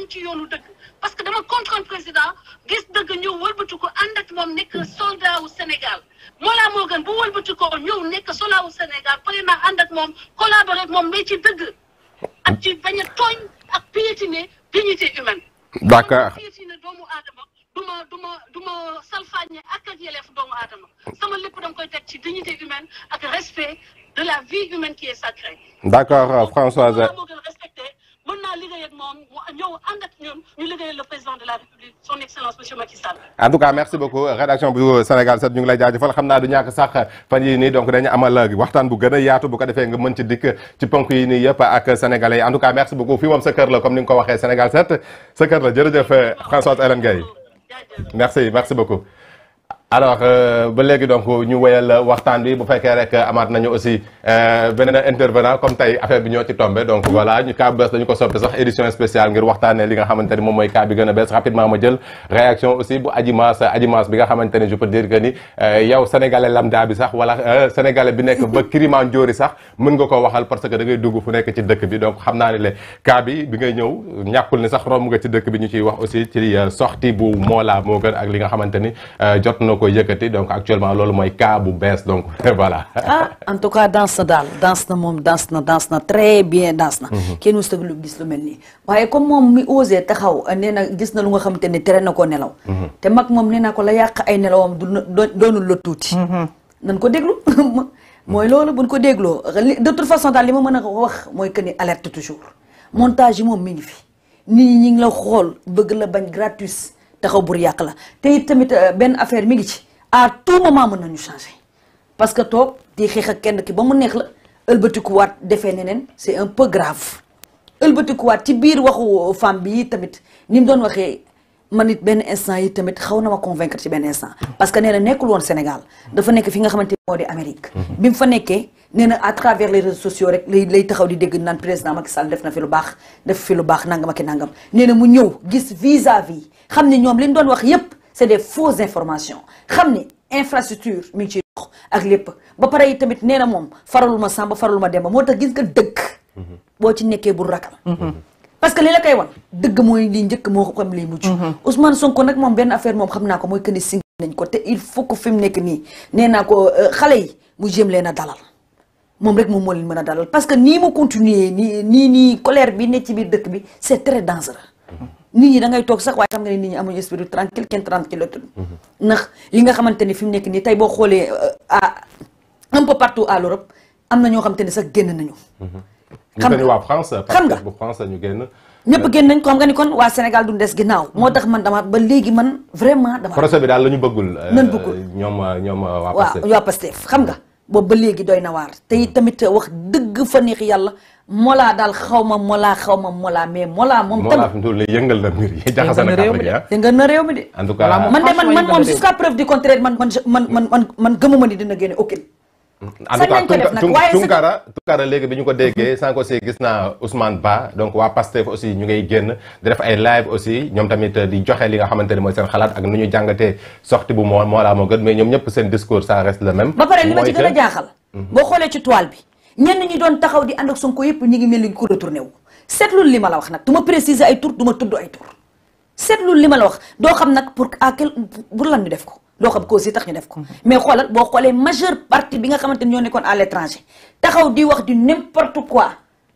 ngi ci yoonu dëgg parce que dama contre président gis dëgg ñëw wëlbati ko ànd ak nekk soldat wu Sénégal Mollah Morgun bu wëlbati ko ñëw nekk soldat wu Sénégal pare naa ànd ak moom collaborer ak moom ci dëgg ak ci bañ a tooñ ak piétiner dignité humaine. d'accord du ma du ma du ma salfaañe ak ak yelleef doomu aadama sama lépp dama koy teg dignité humaine ak respect de la vie humaine qui est sacrée. d'accord Françoise. ñun ñu liggéeyal le président de la république son excellence monsieur Macky Sall. en tout cas merci beaucoup rédaction bu Sénégal 7 ñu ngi lay jaajëfal xam naa du ñàkk sax fan yii nii donc dañu amal waxtaan bu gën a yaatu bu ko defee nga mën ci dikk ci ponk yi nii yëpp ak sénégalais yi en tout cas merci beaucoup fii moom sa kër la comme ni nga ko waxee Sénégal 7 sa kër la jërëjëf Françoise Hélène Gaye merci merci beaucoup alors euh, ba léegi donc ñu wéyal waxtaan bi bu fekkee rek amaat nañu aussi euh, beneen intervenant comme tey affaire bi ñoo ci tombé donc voilà ñu bees dañu ko soppi sax édition spéciale ngir waxtaanee li nga xamante ni moom mooy cas bi gën a bees rapidement ma jël réaction aussi bu Adji Mass bi nga xamante ni je peux dire que ni euh, yow sénégalais lambda bi sax wala sénégalais bi nekk ba Kilimanjaro sax mën nga ko waxal parce que da ngay dugg fu nekk ci dëkk bi donc xam naa ne le cas bi bi ngay ñëw ñàkkul nga ci dëkk bi ñu ciy wax aussi ci sortie bu Mollah moo gën ak li nga xamante ni jot na koy yëkkati donc actuellement loolu mooy cas bu bees donc voilà. ah en tout cas dans na daal dans na moom dans na dans na très bien dans na. Mhm. kenn mu lu gis lu mel nii waaye comme moom mi osé taxaw eh, nee gis na lu nga xamante ne tere na ko nelaw. Mhm. te mag moom nee ko la yàq ay nelawam du doonul la tuuti. Mhm. nan ko déglu mooy loolu buñ ko dégloo de toute façon daal li ma mën a wax mooy que alerte toujours montage moom mi fi nit ñi la xool bëgg la bañ gratuit. taxaw bur yàq la te it tamit euh, benn affaire mi ngi ci à tout moment mën nañu changer parce que toog di xeex ak kenn ki ba mu neex la ëlbatikuwaat defee neneen c'est un peu grave ëlbatikuwaat ci biir waxu euh, femme bi tamit ni mu doon waxee man it benn instant yi tamit xaw na ma convaincre ci benn instant parce que nee na nekkul woon Sénégal dafa nekk fi nga xamante moo di Amérique mhm. bi mu fa nekkee nee na à travers les réseaux sociaux rek lay lay taxaw di dégg naan président Macky Sall def na fi lu baax def fi lu baax nangam ak nangam mu ñëw gis xam ni ñoom li ñu doon wax yépp c'est des fausses informations xam ni infrastructure mu ci ak lépp ba pare yi tamit nee na moom faralul ma Samba faral ma Demba moo tax gis nga dëgg mhm. boo ci nekkee bul ragal mhm. parce que li la koy wan dëgg mooy li njëkk moo ko xam liy mujj mhm. Ousmane Sonko nag moom benn affaire moom xam naa ko mooy que ni sing nañ ko te il faut que fi nekk nii nee naa ko euh, xale yi mu jéem leen a dalal moom rek moom moo leen mën a dalal parce que nii mu continuer nii nii nii colère bi ne ci biir dëkk bi c'est très dangereux nit ñi dangay toog sax waaye xam nga ne nit ñi amuñu esprit tranquille kenn tranquille latul mhm. nax li nga xamante ni fi mu nekk nii tey boo xoolee euh, à un à l'Europe am na ñoo xamante ne sax génn nañu mhm. xam nga waa France xam nga bu France ñu génn ñëpp génn ko xam ni kon waa Sénégal du des ginnaaw mhm. moo tax man damaat ba léegi man vraiment dama procès bi daal la ñu bëggul nan bëggul euh, ñoom ñoom waa Pastef waaw waa Pastef xam nga boobu ba léegi doy na waar te tamit wax dëgg fa neex yàlla Mollah daal xaw ma Mollah xaw ma Mollah mais Mollah moom tamit Mollah fi mu yëngal na mbir yi jaxase na réew mi de ah. yëngal na réew mi de en tout cas man de man man moom jusqu'à preuve du contraire man man man man man gëmuma ni dina génne aucune sax nañ ko def nag waaye Tunkara Tunkara léegi bi ñu ko déggee sans que aussi gis naa Ousmane Ba donc waa Pastef aussi ñu ngay génn di def ay live aussi ñoom tamit di joxe li nga xamante ne mooy seen xalaat ak nu ñu jàngatee sortie bu moo moo laa moo gën mais ñoom ñëpp seen discours ça reste le même. ba pare li ci gën a jaaxal. boo xoolee ci toile bi ñenn ñi doon taxaw di ànd ak Sonko yëpp ñu ngi mel ni ko retourné wu seetlu li ma la wax nag du ma préciser ay tur du seetlu li ma la wax xam nag pour pour lan ñu ko doo xam cause yi tax ñu def ko mais xoolal boo xoolee majeure partie bi nga xamante ni ñoo nekkoon à l'étranger taxaw di wax di n'importe quoi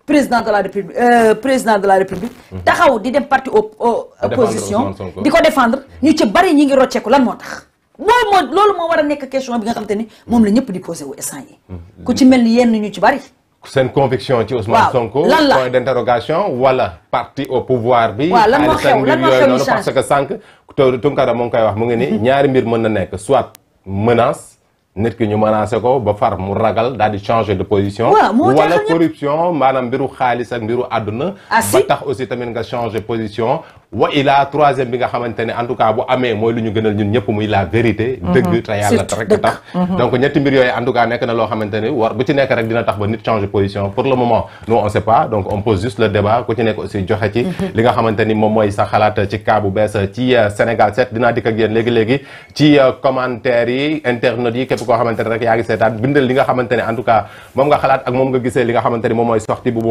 président de la république euh, président de la république mhm. taxaw di dem parti opposition di ko défendre ñu ci bari ñi ngi rocceeku lan moo tax loolu moo loolu war a nekk question bi nga xamante ni moom la ñëpp di posé wu instant yi mhm. ku ci mel ni yenn ñu ci bari seen conviction ci Ousmane Sonko point d'interrogation wala parti au pouvoir bi waaw lan moo xew lan moo xew parce sànq Tunkara moo ngi koy wax mu ngi ni ñaari mbir mën na nekk soit menace nit ki ñu menacé ko ba far mu ragal daal di changer de position wala corruption maanaam mbiru xaalis ak mbiru àdduna ah, ba tax aussi tamit nga changer position wa ilaa troisième bi nga xamante ne en tout cas bu amee mooy lu ñu gënal ñun ñëpp muy la vérité mhm. dëgg te yàlla tax mhm. donc ñetti mbir yooyu en tout nekk na loo xamante ne war bu ci nekk rek dina joxe ci mhm. li nga xamante moom mooy sa xalaat ci cas bu bees ci euh, Sénégal 7 dinaa dikk ak yéen léegi-léegi ci euh, commentaires yi internautes yi képp koo xamante rek yaa ngi seetaan bindal li nga xamante en tout moom nga xalaat ak moom nga gisee li nga xamante moom mooy sortie bu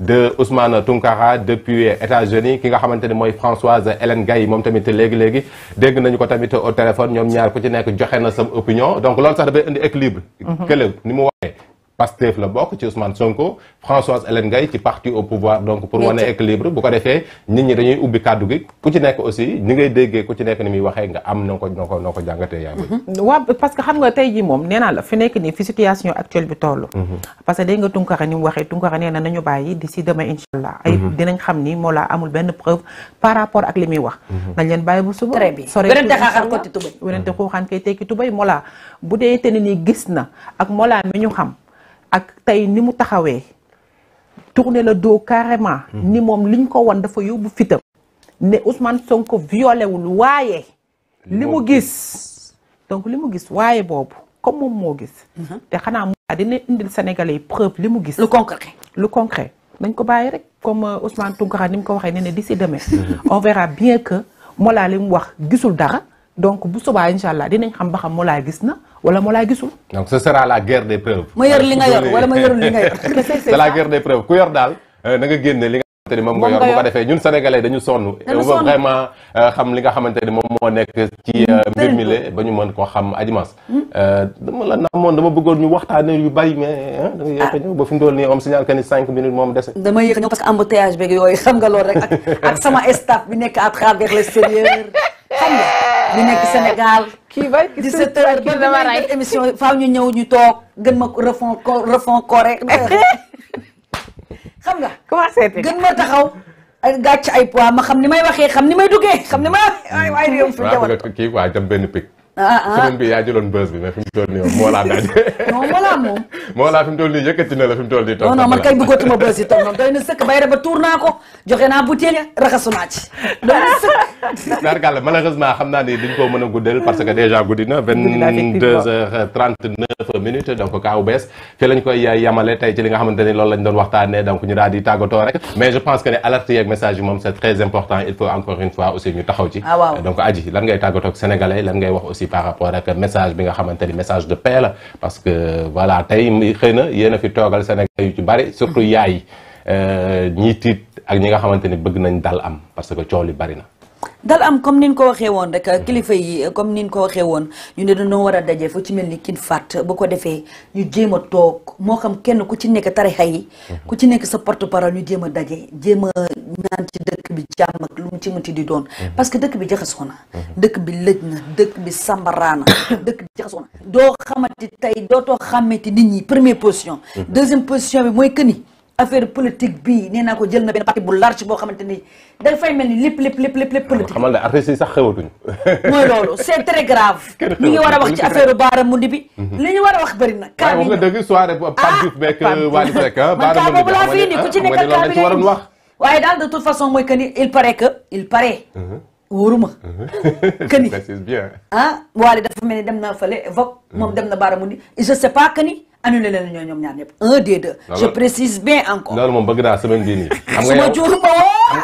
de Ousmane Tunkara depuis États-Unis ki nga xamante ni mooy Françoise Hélène Gaye moom tamit léegi-léegi dégg nañu ko tamit au téléphone ñoom ñaar ku ci nekk joxe na sam opinion donc loolu sax dafay indi équilibre mhm. kële ni mu waxee Pastef la bokk ci Ousmane Sonko Françoise Hélène Gaye ci parti au pouvoir donc pour wane équilibre bu ko defee nit ñi dañuy ubbi kàddu gi ku ci nekk aussi ñi ngay déggee ku ci nekk ni muy waxee nga am noo ko jàngatee yaa ngi mhm. waaw parce que xam nga tey jii moom nee la fi nekk nii fi situation actuelle bi toll mhm. parce que dégg nga Tunkara ni mu waxee Tunkara nee nañu bàyyi d'ici demain incha allah ay mhm. dinañ xam ni moo amul benn preuve par rapport ak tey ni mu taxawee tourner le dos carrément hmm. ni moom liñ ko wan dafa yóbbu fitam ne Ousmane Sonko violé wul waaye li mu gis donc li mu gis waaye boobu comme moom moo gis hmm. te xanaa mu dina indi Sénégalais yi preuve li mu gis lu concret lu concret dañ ko bàyyi rek comme euh, Ousmane Tounkara ni mu ko waxee ne ne d'ici demain hmm. on verra bien que Mollah li mu wax gisul dara donc bu sobaa incha allah dinañ xam ba xam moo laa gis na wala moo laa gisul. donc ce sera la guerre des preuves. ma yor li nga yor wala ma yorul li nga yor. c'est la guerre des preuves ku yor daal euh, na nga génne li nga xamante ni moom nga yor bu ko defee ñun sénégalais dañu sonn. dañu euh, xam li nga xamante ni moom moo nekk ci euh, mbir mi la ba ñu mën koo xam Adjimas. Hmm. dama la namoon dama bëggoon ñu waxtaanee yu bari mais. ah da nga yéex a ñëw ba fi mu toll nii on signale que ni cinq minutes moom dese. dama yéex a ñëw parce que embouteillage beeg yooyu xam nga loolu rek ak sama staff bi nekk à travers di Sénégal. kii bay di sept heures ba dama ray émission faaw ñu ñëw ñu toog gën ma refond refond coré xam nga. commencé te gën ma taxaw. ay gàcc ay poids ma xam ni may waxee xam ni may duggee xam ni may. waay waay réew fi jaww dem benn Ah, ah. semaine bi yaa jëloon bës bi mais fi mu toll nii moom moo laa daaj. non moo moom. moo laa fi mu toll nii yëkkati na la fi mu nii. non non man kay bëggatuma bës toog noonu doy na sëkk bay rek ba tuur joxe na sëkk. Narkalla malheureusement a neuf minutes donc Kaaw Bees fii koy yamale tey ci li nga xamante ni loolu lañ doon waxtaanee donc ñu daal di tàggatoo rek mais je pense que ne alerte yeeg message yi moom c'est très important il faut encore une fois aussi ñu taxaw ci. Ah, donc Adji lan ngay tàggatoo ak lan ngay wax aussi par rapport ak message bi nga xamante ni message de paix parce que voilà tey xëy na yéen fi toogal Sénégal yu ci bari surtout mm-hmm. yaay euh, ñii tiit ak ñi nga xamante ni bëgg nañ dal am parce que coow li bari na. dal am comme niñ ko waxee woon rek kilifa yi comme niñ ko waxee woon ñu ne dañoo war a daje fu ci mel ni kin fàtt bu ko defee ñu jéem a toog moo xam kenn ku ci nekk tarixa yi mm-hmm. ku ci nekk sa porte parole ñu jéem a daje jéem a ci dëkk bi jàmm ak lu mu ci mënti di doon mhm. parce que dëkk bi jaxasoo na mhm. dëkk bi lëj na dëkk bi sambaraana dëkk bi jaxasoo na doo xamati tey dootoo xamati nit ñi première position mhm. deuxième position bi mooy que ni affaire politique bii nee naa ko jël na benn parti bu large boo xamante ni dafay mel ni lépp lépp lépp lépp lépp politique xamal ne artistes yi sax mooy loolu c'est très grave ñu ngi wax ci affaire baara mundi bi li ñu war a man kaa boobu laa fi indi ku ci nekk kaa bi waaye daal de toute façon mooy que ni il paraît que il paraît. Uh-huh. wóoruma. këni précise bien. ah waale dafa mel ni dem na fële Vogue. moom dem na baaraamu ni je sais pas këni annulé leen ñoo ñoom ñaar ñëpp un des deux. je précise bien encore. loolu moom bëgg naa semaine bii nii. xam nga yow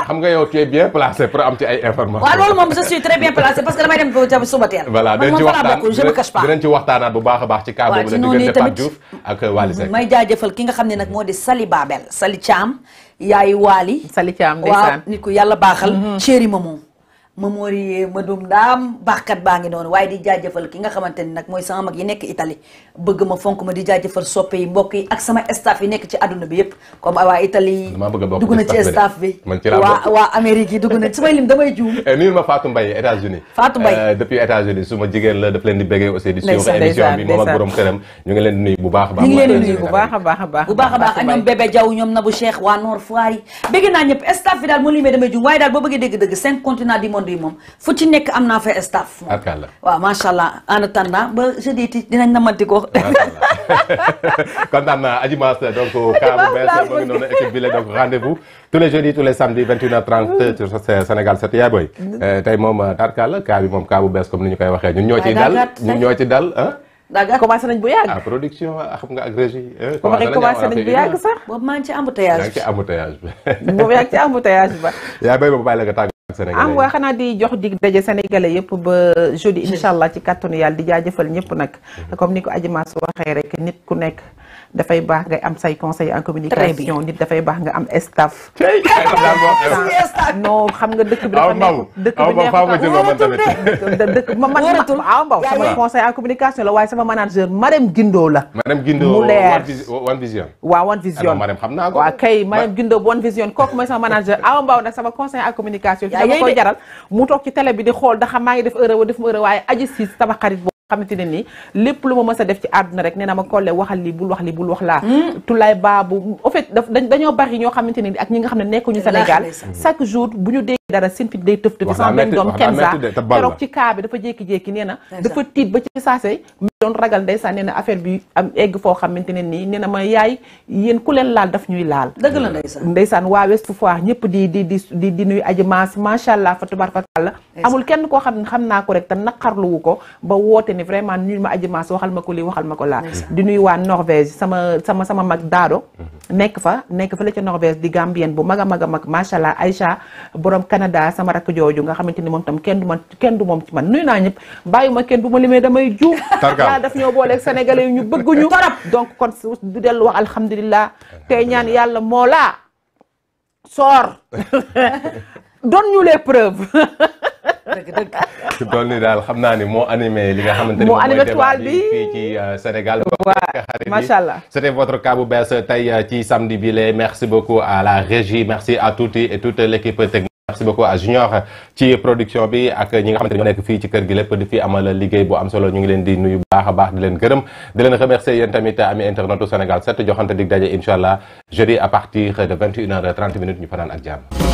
xam nga yow tu es bien placé pour am ci ay informations. waaw loolu moom je suis très bien placé parce que damay dem ba suba teel. voilà dinañ ci waxtaan je ne cache pas dinañ ci waxtaanaat bu baax a baax. ci cas boobu la diggante Pape Diouf ak euh, Wally Seck. may jaajëfal ki nga xam ne nag moo di Sali Babel Sali Thiam yaay Wally. Sali Thiam ndeysaan waaw nit ku yàlla baaxal. chéri mm-hmm. maman Mamori Madoum Ndaam baaxkat baa ngi noonu waaye di jaajëfal ki nga xamante ni nag mooy sama mag yi nekk Italie bëgg ma fonk ma di jaajëfal soppe yi mbokk ak sama staff yi nekk ci àdduna bi yëpp comme waa Italie dugg na ci staff bi waa waa Amérique yi dugg damay juum eh, euh, nuyu bu baax a baax bu baax a baax a baax bu baax ñoom bébé Diaw ñoom waa Noor Foire yi bégg naa ñëpp staff bi daal moo limee damay juum waaye daal boo bëggee dégg-dëgg cinq continents du monde aujourd'hui moom fu ci nekk am naa fi staff. waaw macha allah en attendant ba jeudi ti dinañ namati ko. kontaan naa Adji donc cas bu bees mu ngi noonu équipe bi la donc rendez-vous tous les jeudis tous les samedis 21 h mm. Sénégal 7 yaay booy. Mm. Euh, moom tarkal cas bi bu bees comme ni ñu koy waxee ñun ñoo ciy dal ñun ñoo ci dal daa commencé nañ bu yàgg. ah production ah, xam nga ak eh, ah, nañ bu yàgg sax. boobu maa ngi ci embouteillage bi yaa ngi ci embouteillage bi. boobu ba. yaa béy ah, waa xanaa di jox dig daje sénégalais yëpp ba jeudi incha allah ci kàttanu yàlla di jaajëfal ñëpp nag. Mm-hmm. comme ni ko Adji Mass waxee rek nit ku nekk. dafay baax ngay am say conseil a communication nit dafay baax nga am staff non xam nga dëkk bi dafa nekk dëkk bi neexul dëkk ma man aw mbaw sama conseil en communication la waaye sama la Marème Guindo mu leer One Vision waaw One Vision ah Marème xam naa ko waaw kay Marème Guindo One Vision kooku mooy sama manager aw mbaw nag sama conseil en communication fi dama koy jaral mu bi di xool da maa ngi def erreur wa def waaye aji siis sama xarit xamante ne nii lépp lu ma mës a def ci àdduna rek nee na ma Collé waxal li bul wax li bul wax laa hmm. Tulay Baabu en fait bari ñoo xamante ne nii ak ñi nga xam ne nekkuñu Sénégal chaque jour bu ñu dara seen fit day tëf tëf sama benn doom jékki-jékki nee ba ci saase mi doon ragal ndeysaan nee na bi am egg ne nii nee na ma yaay yéen ku leen laal daf ñuy laal dëgg la ndeysaan waa Ouest Foire ñëpp di di di di di nuyu aji maas macha allah fa tubarfakàlla amul kenn koo xam xam naa ko rek te naqarluwu ko ba woote ni vraiment nuyu ma aji maas waxal ma ko lii waxal ma ko laa di nuyu waa Norvège sama sama sama mag daado mhm. nekk fa nekk fa la ca Norvège di Gambien bu mag a mag a mag macha allah Aïcha Canada sama rakk jooju nga xamante ni moom tam kenn du man kenn du moom ci man nuyu naa ñëpp bàyyi ma kenn bu ma limee damay juum yàlla ñoo booleeg sénégalais yi ñu bëgguñu torop donc kon du dellu wax alhamdulilah te ñaan yàlla moo laa soor donne ñu les daal xam naa ni moo animé li nga xamante ni moo animé toile bi fii ci euh, Sénégal allah c'était votre cas bu tey euh, ci samedi bi la merci beaucoup à la régie merci à toute l'équipe technique merci beaucoup à Junior ci production bi ak ñi nga xamante nekk fii ci kër gi lépp di fi amal liggéey bu am solo ñu ngi leen di nuyu baax a baax di leen gërëm di leen remercier yéen tamit ami internet au Sénégal 7 joxante dig daje incha allah jeudi à partir de 21 heures 30 minutes ñu fanaan ak jàmm